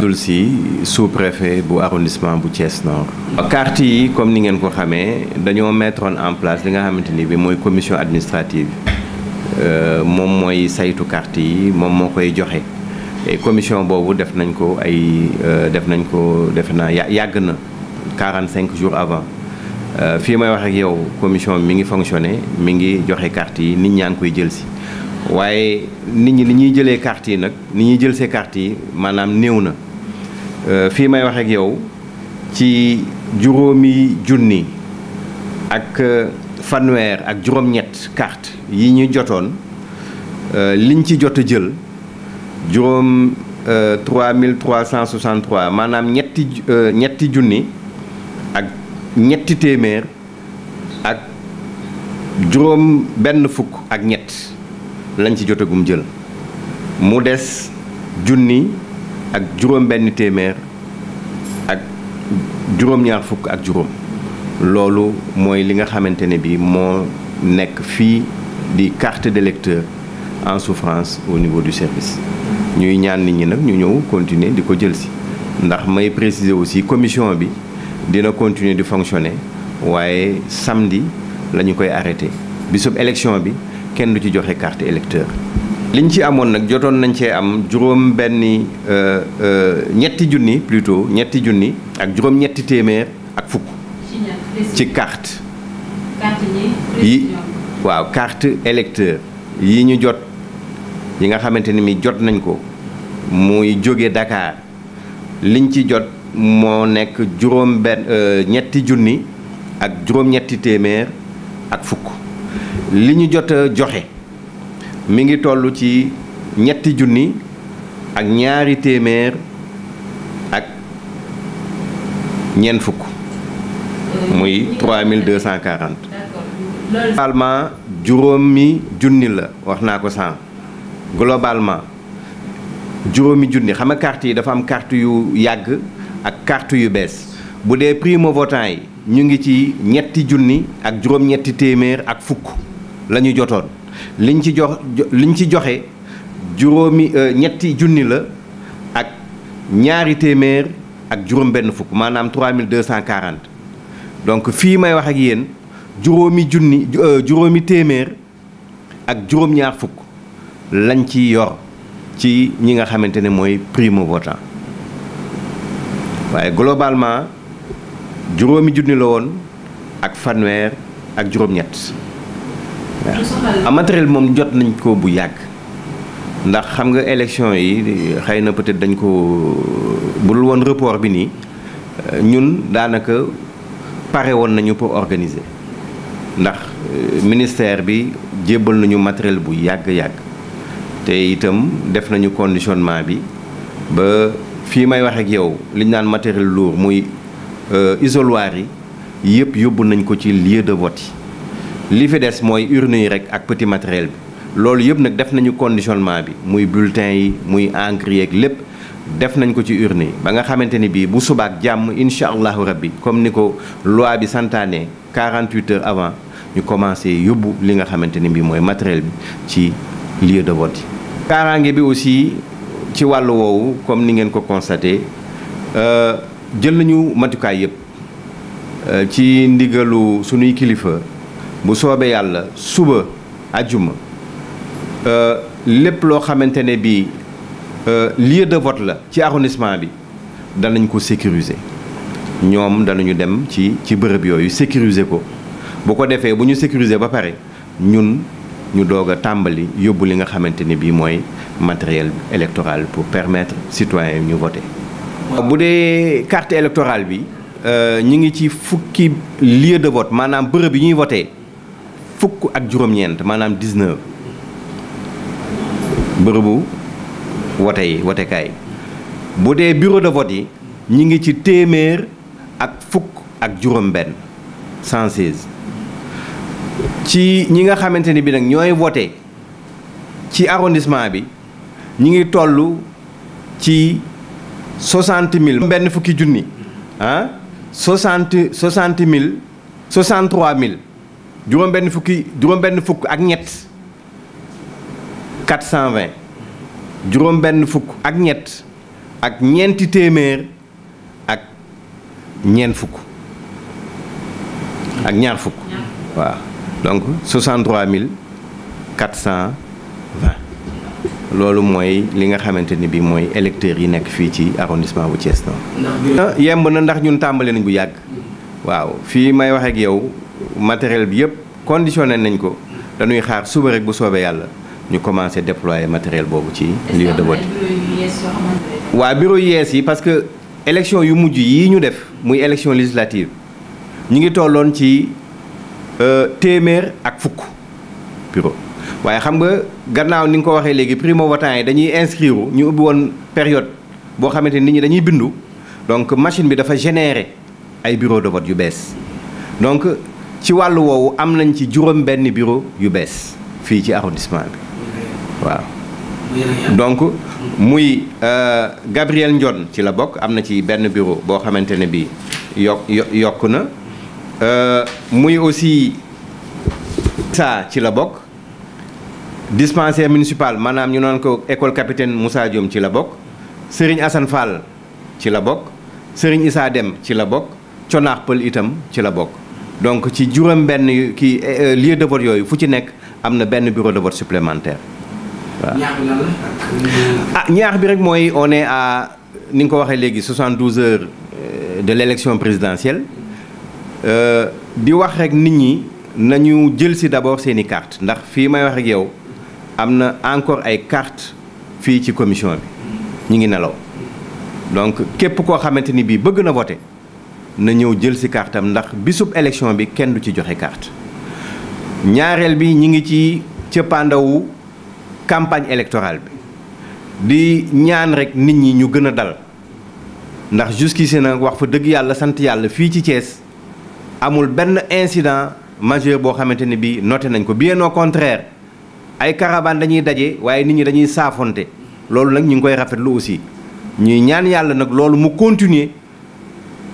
Abdoul si sous-préfet bu arrondissement bu Thiès Nord. carte yi comme ni ngeen ko xamee dañoo mettre en place li nga xamante ni bi mooy commission administrative euh, moom mooy saytu carte yi moom moo koy joxe commission boobu def nañ ko ay euh, def nañ ko def na yàgg na 45 jours avant euh, fii may wax ak yow commission mi ngi fonctionné mi ngi joxe carte yi nit ñaa ngi koy jël si. waaye nit ñi ni ñuy jëlee carte yi nag ni ñuy jël see carte yi maanaam néew na Euh, fii may waxeeg yow ci juróomi junni ak euh, fanweer ak juróom-ñett carte yi ñu jotoon euh, liñ ci jot a jël juróom 3363 maanaam ñetti ñetti junni ak ñetti téeméer ak juróom benn fukk ak ñett lañ ci jotagum jël mu des junni. ak juróom benn téeméer ak juróom-ñaar fukk ak juróom loolu mooy li nga xamante ne bi moo nekk fii di carte d'électeur en souffrance au niveau du service ñuy ñaan nit ñi nag ñu ñëw continuer di ko jël si ndax may préciser aussi commission bi dina continuer di fonctionner waaye samedi la ñu koy arrêté bisub élection bi kenn du ci joxe carte électeur liñ ci amoon nag jotoon nañ cee am juróom benni euh, euh, ñetti junni plutôt ñetti junni ak juróom ñetti téeméer ak fukk ci carte yi waaw carte électeur yi ñu jot yi nga xamante ni mi jot nañ ko muy jóge dakaar liñ ci jot moo nekk juróom benn euh, ñetti junni ak juróom ñetti téeméer ak fukk li ñu jot a joxe mi ngi toll ci ñetti junni ak ñaari téeméer ak ñeent fukk muy 3240 globalement juróomi junni la wax naa ko sànq globalement juróomi junni xam nga carte yi dafa am carte yu yàgg ak carte yu bees bu dee primo votant yi ñu ngi ci ñetti junni ak juróom-ñetti téeméer ak fukk la ñu jotoon liñ ci jox liñ ci joxe juróomi euh, ñetti junni la ak ñaari téeméer ak juróom benn fukk maanaam 3240 donc fii may wax ak yéen juróomi junni euh, juróomi téeméer ak juróom-ñaar fukk lañ ci yor ci ñi nga xamante ne mooy primo votant waaye globalement juróomi junni la woon ak fanweer ak juróom-ñett waaw ah, matériel moom jot nañ ko bu yàgg ndax xam nga élection yi xëy na peut-être dañ ko budul woon report bi nii euh, ñun daanaka pare woon nañu pour organiser ndax euh, ministère bi jébbal nañu matériel bu yàgg-yàgg te itam def nañu conditionnement bi ba fii may waxeeg yow li ñu naan matériel lourd muy euh, isoloir yi yëpp yóbbu nañ ko ci lieu de vote yi li fi des mooy urne yi rek ak petit matériel bi loolu yëpp nag def nañu conditionnement bi muy bulletin yi muy encre yeeg lépp def nañ ko ci urne yi ba nga xamante ni bii bu subaak jàmm incha allahu rabbi comme ni ko loi bi santaane 48 heures avant ñu commencé yóbbu li nga xamante ni bii mooy matériel bi ci lieu de vote yi. kaaraange bi aussi ci wàllu woowu comme ni ngeen ko constaté euh, jël nañu matukaay yëpp euh, ci ndigalu sunuy kilifa. bu soobee yàlla suba ajuma euh, lépp loo xamante ne bii euh, lieu de vote la ci arrondissement bi danañ ko sécuriser ñoom danañu dem ci ci bërëb yooyu sécuriser ko bu ko defee bu ñu sécuriser ba pare ñun ñu doog a tàmbali yóbbu li nga xamante ne bii mooy matériel électoral pour permettre citoyens yi ñu voter. bu dee carte électorale bi euh, ñu ngi ci fukki lieu de vote maanaam bërëb yi ñuy voter. fukk ak juróom-ñeent maanaam 19 bërëbu wote yi wotekaay bu dee bureau de vote yi ñu ngi ci téeméer ak fukk ak juróom-benn 116 ci ñi nga xamante ni bi nag ñooy vote ci arrondissement bi ñu ngi tollu ci 60 000 benn fukki junni ah 60 60 000 63 000. juróom benn fukki juróom benn fukk ak ñett 420 juróom benn fukk ak ñett ak ñeenti téeméer ak ñeent fukk ak ñaar fukk waaw donc 63 420 loolu mooy li nga xamante ni bi mooy électeurs yi nekk fii ci arrondissement bu Thiès noonu ah, yemb na ndax ñun tàmbali nañ bu yàgg mm. waaw fii may wax ak matériel bi yëpp conditionné nañ ko dañuy xaar suba bu soobee yàlla ñu commencé déployer matériel boobu ci lieu de vote waa bureau yees yi parce que élection yu mujj yi ñu def muy élection législative ñu ngi tolloon ci euh, téeméer ak fukk bureau waaye xam nga gannaaw ni nga ko waxee léegi primo votant yi dañuy inscrire ñu ubbi woon période boo xamante nit ñi dañuy bindu donc machine bi dafa générer ay bureau de vote yu bees donc ci wàllu woowu am nañ ci juróom benn bureau yu bees fii ci arrondissement bi waaw donc muy euh, Gabriel Ndione ci la bokk am na ci benn bureau boo xamante ne bi yokk yokk na euh, muy aussi saa ci la bokk dispensaire municipal maanaam ñu noon ko école capitaine Moussa Diom ci la bokk sëriñ Assane Fall ci la bokk sëriñ Issa Dem ci la bokk Conar Pël itam ci la bokk donc ci juróom-benn kii eh, eh, lieu de vote yooyu fu ci nekk am na benn bureau de vote supplémentaire a ñaax ah, bi rek mooy on est à ni nga ko waxee léegi 72 heures euh, de l'élection présidentielle euh, di wax rek nit ñi nañu jël si d'abord seen i carte ndax fii may wax yow am na encore ay carte fii ci commission bi ñu ngi nelaw donc képp koo xamante ni bii bëgg na voter na ñëw jël si kartam ndax bisub élection bi kenn du ci joxe carte ñaareel bi ñi ngi ci cëppaandawu campagne électorale bi di ñaan rek nit ñi ñu gën a dal ndax jusqu'ici na wax fa dëgg yàlla sant yàlla fii ci cees amul benn incident majeur boo xamante ni bii noté nañ ko bi au contraire ay caravane dañuy daje waaye nit ñi dañuy saafonte loolu nag ñu ngi koy rafetlu aussi ñuy ñaan yàlla nag loolu mu continuer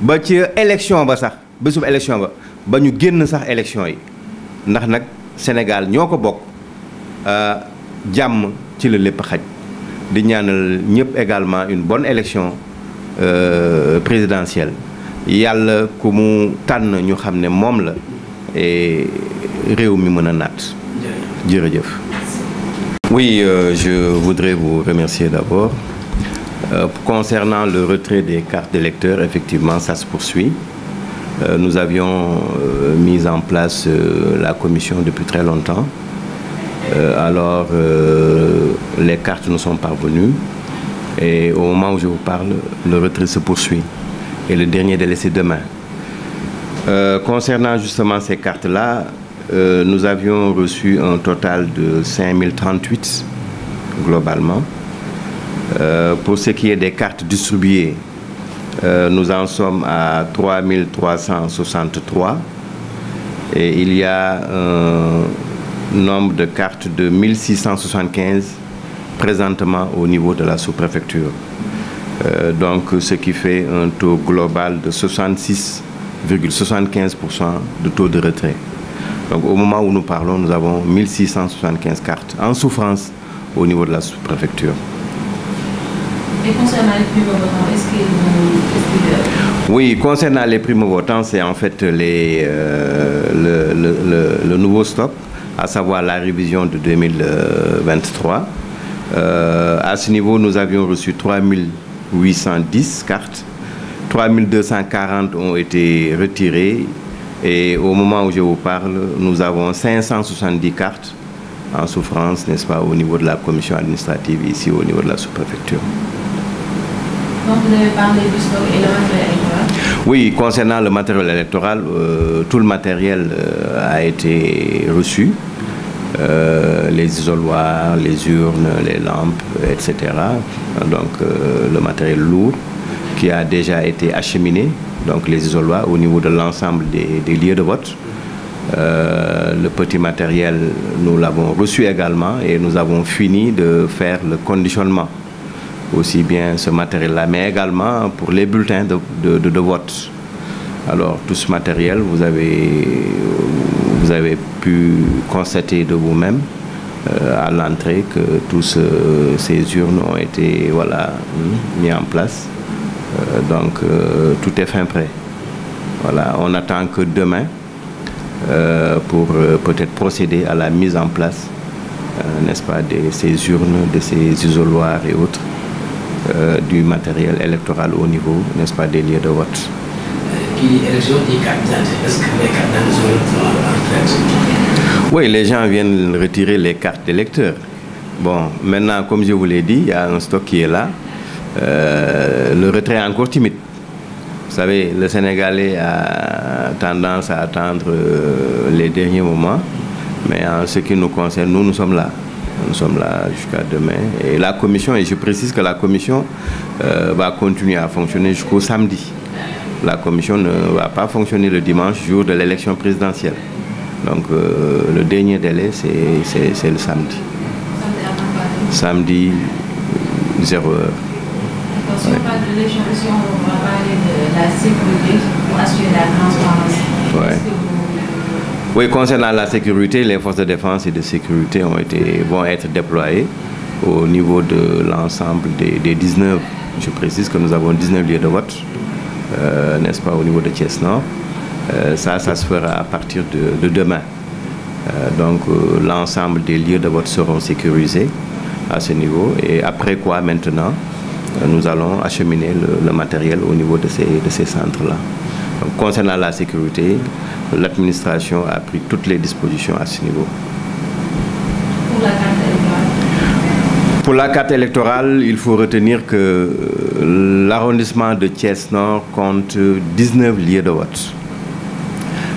ba ci élection ba sax bésub élection ba ba ñu génn sax élection yi ndax nag Sénégal ñoo ko bokk euh, jàmm ci la lépp xaj di ñaanal ñëpp également une bonne élection euh, présidentielle yàlla ku mu tànn ñu xam ne moom la réew mi mën a naat jërëjëf oui euh, je voudrais vous remercier d'abord Euh, concernant le retrait des cartes d'électeurs, effectivement, ça se euh, nous avions euh, en place euh, la commission depuis très longtemps. Euh, alors, les cartes nous sont parvenues. Et au moment où je vous parle, le retrait se poursuit. Et le dernier délai, c'est demain. concernant justement ces cartes-là, nous avions reçu un total de 5038 globalement. Euh, pour ce qui est des cartes distribuées, euh, nous en sommes à 3363 et il y a un nombre de cartes de 1675 présentement au niveau de la sous-préfecture. Euh, donc ce qui fait un taux global de 66,75% de taux de retrait. Donc au moment où nous parlons, nous avons 1675 cartes en souffrance au niveau de la sous-préfecture. Et concernant les primo-votants, est-ce qu'ils euh, Oui, concernant les primo-votants, c'est en fait les, euh, le, le, le, le, nouveau stop, à savoir la révision de 2023. Euh, à ce niveau, nous avions reçu 3810 cartes. 3240 ont été retirées et au moment où je vous parle, nous avons 570 cartes en souffrance, n'est-ce pas, au niveau de la commission administrative, ici au niveau la sous-préfecture. Donc vous le matériel électoral Oui, concernant le matériel électoral, euh, tout le matériel euh, a été reçu. Euh, les isoloirs, les urnes, les lampes, etc. Donc euh, le matériel lourd qui a déjà été acheminé, donc les isoloirs au niveau de l'ensemble des, des, lieux de vote. Euh, le petit matériel, nous l'avons reçu également et nous avons fini de faire le conditionnement aussi bien ce matériel-là, mais également pour les bulletins de, de, de, de, vote. Alors tout ce matériel, vous avez, vous avez pu constater de vous-même euh, à l'entrée que tous ce, euh, ces urnes ont été voilà, hmm, mis en place. Euh, donc euh, tout est fin prêt. Voilà, on attend que demain euh, pour euh, peut-être procéder à la mise en place, n'est-ce pas, de ces urnes, de ces isoloirs et autres. euh, du matériel électoral au niveau, n'est-ce pas, des lieux de vote. Oui, les gens viennent retirer les cartes d'électeurs. Bon, maintenant, comme je vous l'ai dit, il y a un stock qui est là. Euh, le retrait est encore timide. Vous savez, le Sénégalais a tendance à attendre euh, les derniers moments. Mais en ce qui nous concerne, nous, nous sommes là. Nous sommes là jusqu'à demain. Et la commission, et je précise que la commission euh, va continuer à fonctionner jusqu'au samedi. La commission ne va pas fonctionner le dimanche, jour de l'élection présidentielle. Donc euh, le dernier délai, c'est le samedi. Samedi, 0 heure. Si on de l'élection, on va parler de la sécurité pour assurer la transparence. Oui, concernant la sécurité, les forces de défense de sécurité ont été, vont être au niveau de l'ensemble des, des, 19. Je précise que nous avons 19 lieux de vote, euh, n'est-ce pas, au niveau de Thiès Nord. Euh, ça, ça à partir de, de demain. Euh, donc, euh, l'ensemble des lieux de vote seront sécurisés à ce niveau. après quoi, maintenant, nous allons acheminer le, le matériel au niveau de ces, centres-là. Donc, concernant la sécurité, l'administration a pris toutes les dispositions à ce niveau. Pour la carte électorale Pour la carte électorale, il faut retenir que euh, l'arrondissement de Thiès-Nord de vote.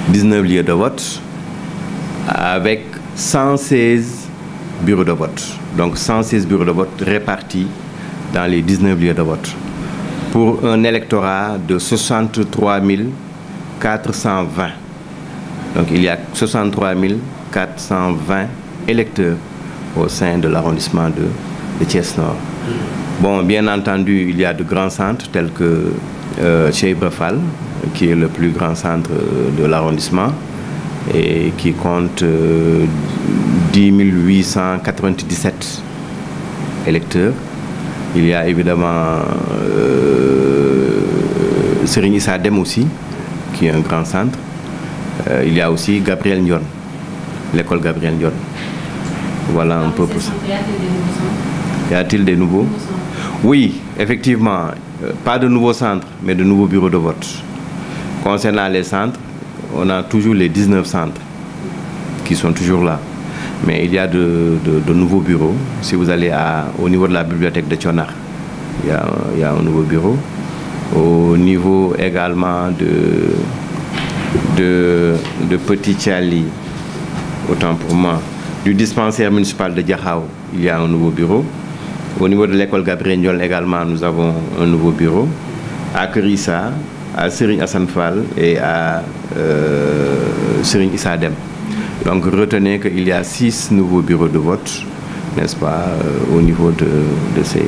19 lieux de vote avec 116 de vote. Donc 116 bureaux de vote répartis dans les 19 lieux de vote. pour un électorat de 63 420. Donc il y a 63 420 électeurs au sein de l'arrondissement de, de thiès Bon, bien entendu, il y a de grands centres tels que euh, le plus grand centre euh, de l'arrondissement et qui compte euh, 10 897 électeurs. Il y a évidemment euh, Serigne Dem aussi, qui est un grand centre. Euh, il y a aussi Gabriel Ndion, l'école Gabriel Ndion. Voilà un peu pour ça. Y a-t-il des nouveaux Oui, effectivement, euh, pas de nouveaux centres, mais de nouveaux bureaux de vote. Concernant les centres, on a toujours les 19 centres qui sont toujours là. mais il y a de, de, de nouveaux bureaux. Si vous allez à, niveau de la bibliothèque de Tchonar, il y a, un nouveau bureau. Au niveau également de, de, de Petit Tchali, pour moi, du dispensaire municipal de Diakhao, il y a un nouveau bureau. Au niveau de l'école Gabriel également, nous avons un nouveau bureau. À Kurissa, à Serigne Hassan et à euh, Serigne Issadem. Donc retenez qu'il y a six nouveaux bureaux de vote, n'est-ce pas, euh, au niveau de, de ces